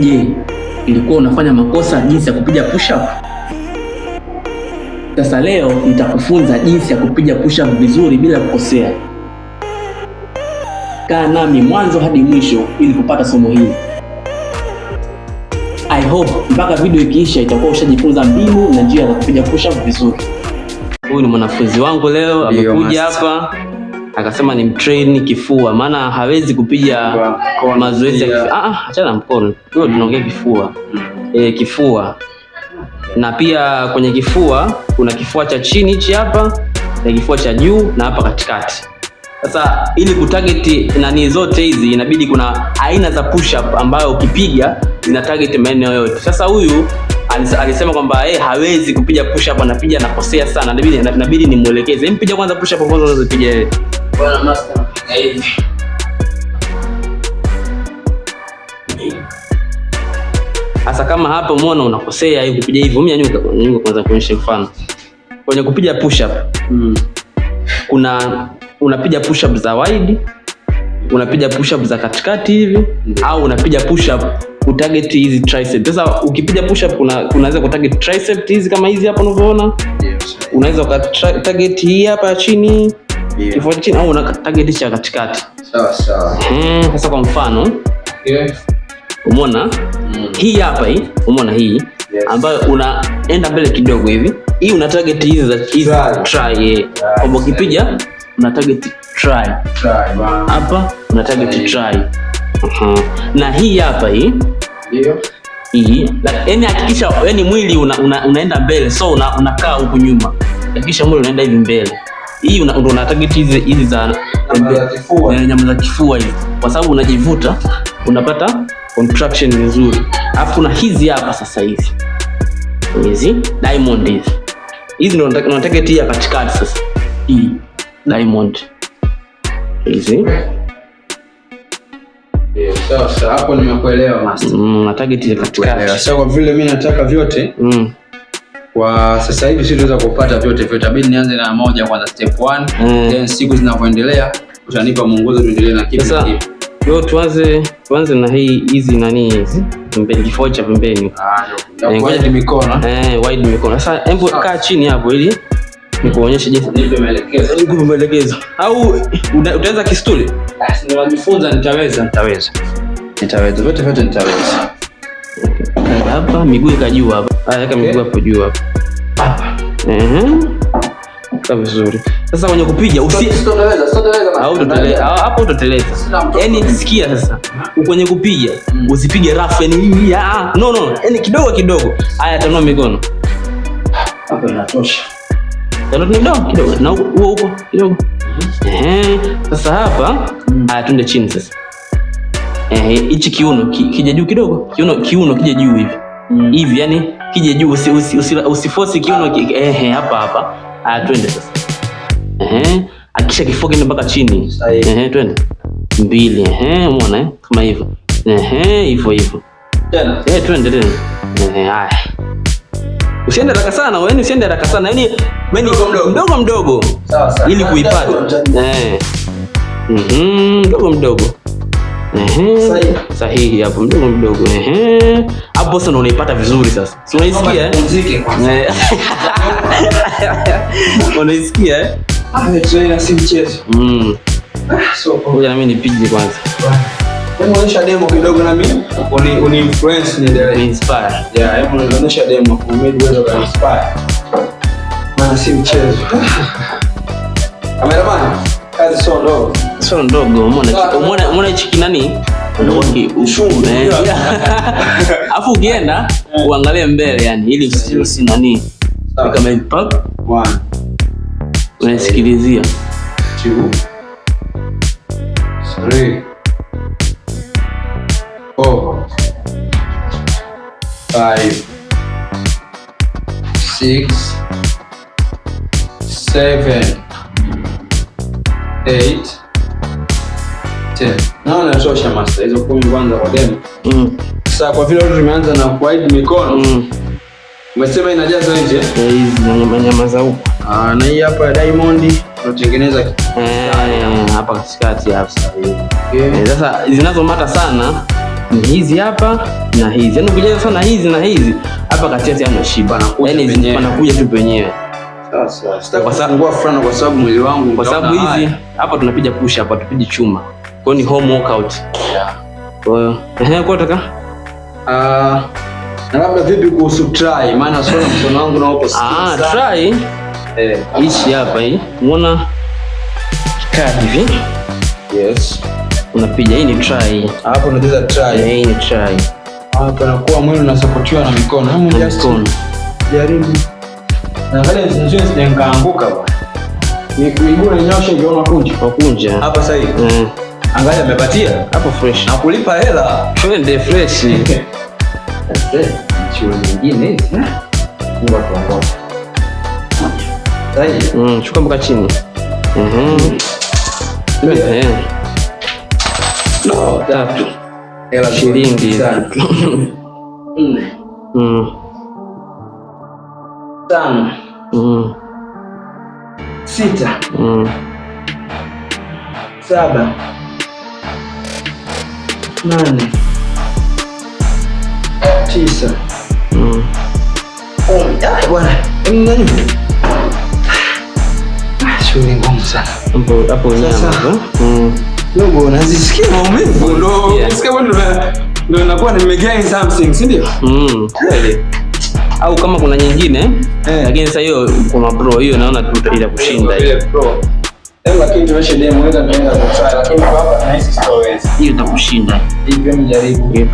Je, ilikuwa unafanya makosa jinsi ya kupiga push up? Sasa leo nitakufunza jinsi ya kupiga push up vizuri bila kukosea. Kaa nami mwanzo hadi mwisho ili kupata somo hili. I hope mpaka video ikiisha itakuwa ushajifunza mbinu na njia za kupiga push up vizuri. Huyu ni mwanafunzi wangu leo amekuja hapa akasema ni mtrain kifua, maana hawezi kupiga mazoezi ya kifua. Ah, ah achana mkono huyo, tunaongea kifua e, kifua na pia kwenye kifua kuna kifua cha chini hichi hapa na kifua cha juu na hapa katikati. Sasa ili kutarget nani zote hizi inabidi kuna aina za push up ambayo ukipiga zina target maeneo yote. Sasa huyu alisema kwamba eh, hawezi kupiga push up, anapiga anakosea sana, inabidi inabidi nimuelekeze, mpiga kwanza push up ambazo unazopiga yeye. Bwana Master mpika hivi. Sasa kama hapo umeona unakosea hivi kupiga hivi, mimi nyuka nyuka kwanza kuonyesha mfano. Kwenye kupiga push up. Mm. Kuna unapiga push up za wide, unapiga push up za katikati hivi mm, au unapiga push up kutarget hizi tricep. Sasa ukipiga push up kuna unaweza kutarget tricep hizi kama hizi hapa unavyoona. Yes. Unaweza ukatarget hii hapa chini Tofauti chini au una target cha katikati. Sawa sawa. Mm, sasa kwa mfano yeah. umona mm. Hii hapa hii umona hii yes. Ambayo unaenda mbele kidogo hivi, hii una target hizi za hizi try, kwamba ukipija una target try hapa, una target try na hii hapa hii yeah. Hii yani hakikisha yani mwili una, una, unaenda mbele so unakaa una huku nyuma, hakikisha mwili unaenda hivi mbele hii ndo una target hizi hizi za eh, nyama za kifua hizi, kwa sababu unajivuta unapata contraction nzuri. Alafu kuna hizi hapa sasa, hizi hizi diamond hizi hizi ndo una target hii ya katikati sasa, hii diamond hizi eh, sasa. Hapo nimekuelewa master, mm, na target ya katikati. Sasa kwa vile mimi nataka vyote mm. Kwa sasa hivi sitaweza kupata vyote vyote, itabidi nianze na moja kwanza, step 1 mm. Then siku zinavyoendelea utanipa mwongozo tuendelee na kipi na kipi. Yo, tuanze tuanze na hii hizi nani hizi pembeni, kifua cha pembeni. Ah, eh, wide mikono. Eh, wide mikono. Sasa hebu kaa chini hapo ili nikuonyeshe jinsi nipe maelekezo. Nikupe maelekezo. Au utaweza kistuli? Basi ah, nimejifunza, nitaweza, nitaweza. Nitaweza. Vyote vyote nitaweza. Hapa miguu ikajua hapa aweka ah, miguu hapo juu hapo. Vizuri. Sasa kwenye kupiga hapo utateleza, yani sikia sasa, kwenye kupiga mm. usipige rafu, yani ah, ah. no no, yani kidogo kidogo. Haya, tanua mikono hapo, inatosha. Tanua kidogo kidogo, na huko huko kidogo. Eh, sasa hapa, mm. haya tunde chini sasa. Eh, hichi kiuno kija juu kidogo, kiuno kiuno kija juu hivi mm. hivi, yani kije juu, usifosi usi, usi, usi kiuno ki, ehe, hapa hapa. Ah, twende sasa, ehe, akisha kifua kiende mpaka chini, ehe, twende mbili, ehe, umeona eh, kama hivyo, ehe, hivyo hivyo tena, eh, twende tena, ehe, haya, usiende haraka sana, wewe usiende haraka sana, yani yaani mdogo mdogo mdogo, mdogo, ili kuipata eh, mhm, mdogo mdogo Sahihi. hapo mdogo mdogo. Ehe. Hapo sasa unaipata vizuri sasa. Si unaisikia eh? Muziki kwanza. Eh. Unaisikia eh? Ah, ni trainer si mchezo. Mm. Ah, ngoja na nipige kwanza. onyesha demo kidogo na mimi. Uni uni influence ni Inspire. Yeah, demo. inspire. si mchezo. kazi sio ndogo kasoro ndogo. Umeona, umeona hichi nani? Mm. afu ukienda mm. uangalie mbele yani, ili usisi mm. nani kama hivi pap unasikilizia Five, six, seven, eight Naona tosha hizo kumi kwanza kwa demo. Mm. kwa vile tumeanza na kuahidi mikono. Mm. Umesema inajaza nje? Eh, nyama za huko. Ah, na hii hapa Diamond tunatengeneza eh, hapa katikati hapa sasa. Eh, sasa zinazomata sana ni hizi hapa na hizi. yani ukijaza sana hizi na hizi hapa katikati yana yaani zinakuja tu penyewe. Sasa fulana kwa sababu mwili wangu kwa sababu hizi hapa tunapiga push hapa tupige chuma. Kwa ni home workout. Kwa hiyo kwa taka ah, na labda vipi kuhusu try? Maana sio mkono wangu na uko ah, try eh, hii hapa hii. Unaona kadi hivi? Yes. Unapiga hii ni try. Hapo unaweza try. Eh, hii ni try. Ah, hapo nakuwa mwili unasapotiwa na mikono. Hamu just Mikono. jaribu. Na vile zinjio zinaanguka bwana. Ni kuigua nyosha ndio unakunja. kunja. Hapa sasa hivi. Mm. Angalia amepatia hapo fresh. Na kulipa hela. Twende fresh. Chuo mm, Chukua mpaka chini. Mhm. Eh, eh. Tatu. Shilingi. Mm. Tano. Mm. Sita. Saba nane, tisa, hmm. oh, ah, Shule ngumu sana hapo. Dogo, eh? hmm. unazisikia maumivu oh, ndio inakuwa nimegain something, si ndio? Mm, kweli. Au kama kuna nyingine, eh. lakini sasa hiyo kwa mabro hiyo naona kushinda hiyo. Eh, lakini lakini kwa hapa sitoweza. Hiyo itakushinda. Hivyo mjaribu.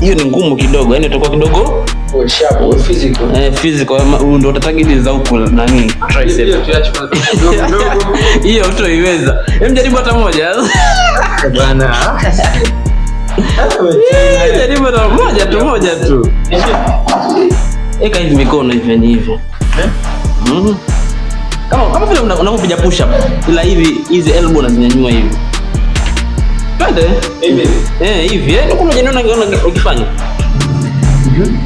Hiyo ni ngumu kidogo, yani utakuwa kidogo sharp physical. Eh, physical ndio utatagidi za huko nani tricep. Hiyo utaiweza. Hem, jaribu hata moja. Eh, bana. Eh, jaribu hata moja tu moja tu. Eka hivi mikono hivi ni hivyo. Mhm. Kama kama vile unapopiga push up ila hivi hizi elbow unazinyanyua hivi. Twende. Hivi. Eh, hivi eh. Kuna jana unaona ukifanya. Mhm.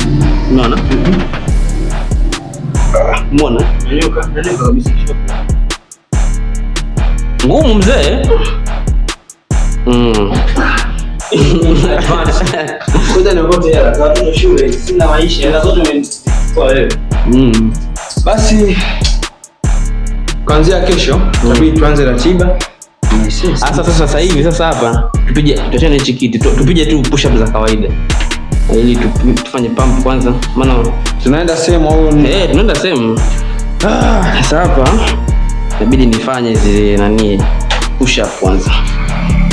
Unaona? Mhm. Muona? Nyanyuka, nyanyuka kabisa. Ngumu mzee. Mm. Kwa nini unakuwa tayari? Kwa sababu shule sina maisha, na zote kwa wewe. Mm. Basi kuanzia kesho tabidi mm. tuanze ratiba. Sasa sasa hivi sasa hapa tupige tuachane hichi kiti. Tupige tu push up za kawaida. Ili tufanye pump kwanza maana tunaenda sehemu au eh, tunaenda sehemu. Ah, sasa hapa inabidi nifanye zile nani push up kwanza.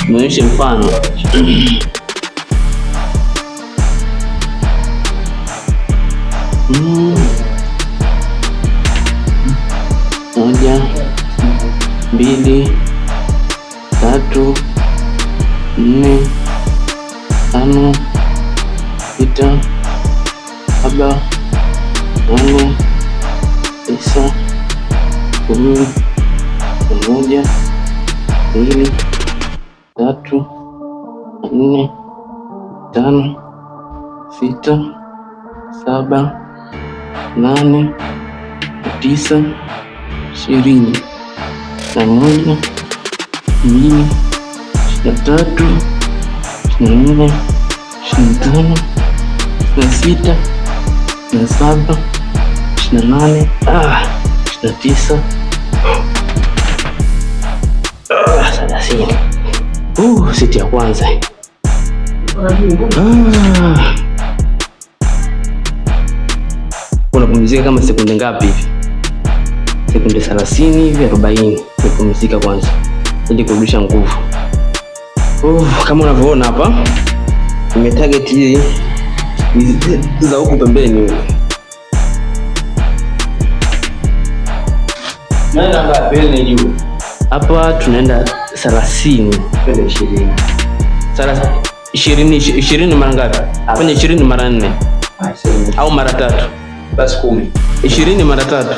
Nionyeshe mfano. Mm. moja, mbili, tatu, nne, tano, sita, saba, nane, tisa, kumi, moja, mbili, tatu, nne, tano, sita, saba, nane, tisa ishirini na moja, mbili ishirini na tatu, ishirini na nne, ishirini na tano, ishirini na sita, ishirini na saba, ishirini na nane, ah, ishirini na tisa, ah, thelathini. ya kwanza ah. unapumzika kama sekunde ngapi hivi? sekunde 30 hivi 40, kupumzika kwanza ili kurudisha nguvu. Uh, kama unavyoona hapa nimetarget hii za huku pembeni. juu? Hapa tunaenda 30 kwenda 20. Sasa 20 20 mara ngapi? Kwenye 20 mara 4 au mara tatu, basi 10. 20 mara tatu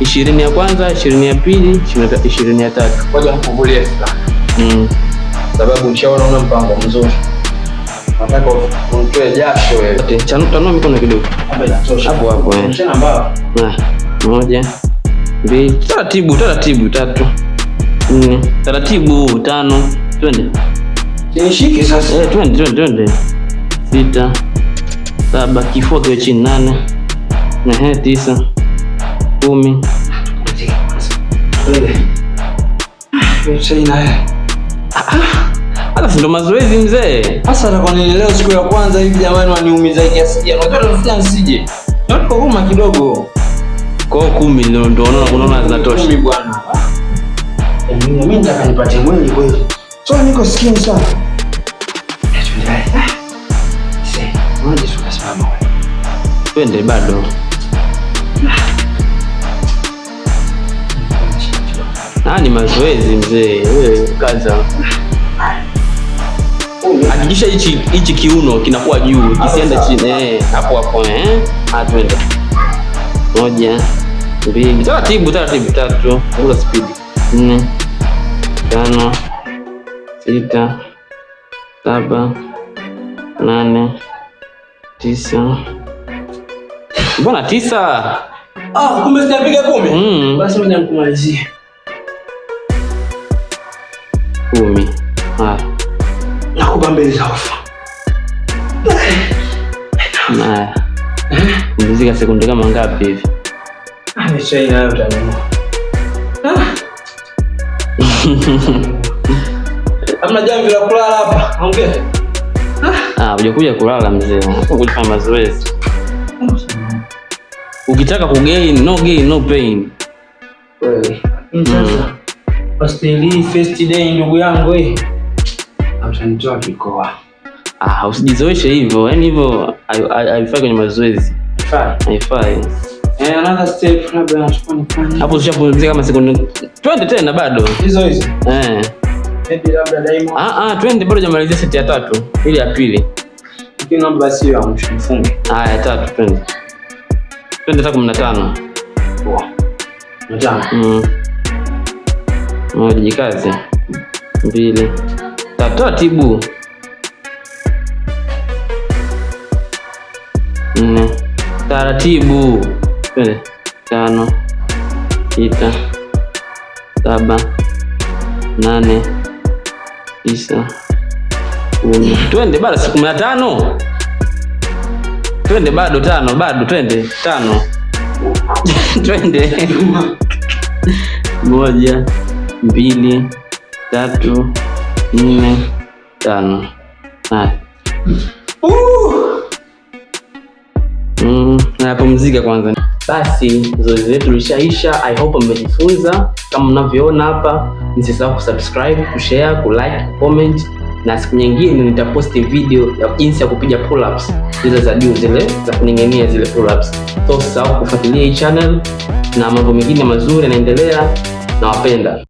ishirini ya kwanza, ishirini ya pili, ishirini ya tatu. Kwanza mkuvulie silaha. Mm. Sababu nishaona una mpango mzuri. Nataka unitoe jasho wewe. Tanua mikono kidogo. Hapo hapo eh. Mchana mbao. Moja, mbili, taratibu, taratibu, tatu, nne, taratibu, tano, twende. Kinishike sasa. Eh, twende, twende, twende. Sita, saba, kifua kiwe chini, nane, ehe, tisa kumi. Alafu ndo mazoezi mzee. Sasa kwa nini leo siku ya kwanza hivi jamani waniumiza kiasi gani? Unataka nisije? Naomba kidogo. Kwa kumi ndio ndio unaona zinatosha. Kumi bwana. Mimi nataka nipate mwili kweli. So niko skinny sana. Twende bado. Ah, ni mazoezi mzee. Wewe kaza. Hakikisha hichi hichi kiuno kinakuwa juu, kisienda chini. Eh, hapo hapo eh. Ah, twende. Moja, mbili, taratibu taratibu, tatu, bila speed. Nne, tano, sita, saba, nane, tisa. Mbona tisa? Ah, kumbe sijapiga kumi. Mm. Basi mimi nikumalizie kumi nakupa mbili za ofa mzika sekunde kama ngapi hivi? Ah, ah. Hamna jamvi la kulala hapa. Ongea. Ah, ah hujakuja kulala mzee. Kufanya mazoezi. Ukitaka kugain, no gain, no pain. Wewe. Pasteli first day ndugu yangu eh. Amshanitoa kikoa. Ah, usijizoeshe hivyo. Yaani hivyo haifai kwenye mazoezi. Haifai. Haifai. Eh, another step labda nachukua nifanye. Hapo ushapumzika kama sekunde. Twende tena bado. Hizo hizo. Eh. Maybe labda daima. Ah ah, twende bado jamalizia seti ya tatu. Ile ya pili. Lakini naomba sio ya mfunge. Ah, ya tatu twende. Twende hata 15. Poa. 15. Mm moja, mbili, taratibu, nne, taratibu, tano, sita, saba, nane, tisa, kumi. Twende bado, siku kumi na tano. Twende bado, tano bado, twende tano, twende moja mbili, tatu, nne, tano. nayapumzika mm, kwanza. Basi zoezi letu lishaisha. I hope mmejifunza. Kama mnavyoona hapa, msisahau kusubscribe, kushare, kulike, kucomment na siku nyingine nitaposti video ya jinsi ya kupiga pull ups zile za juu zile za kuning'inia zile pull ups. So usisahau kufuatilia hii channel na mambo mengine mazuri yanaendelea. Nawapenda.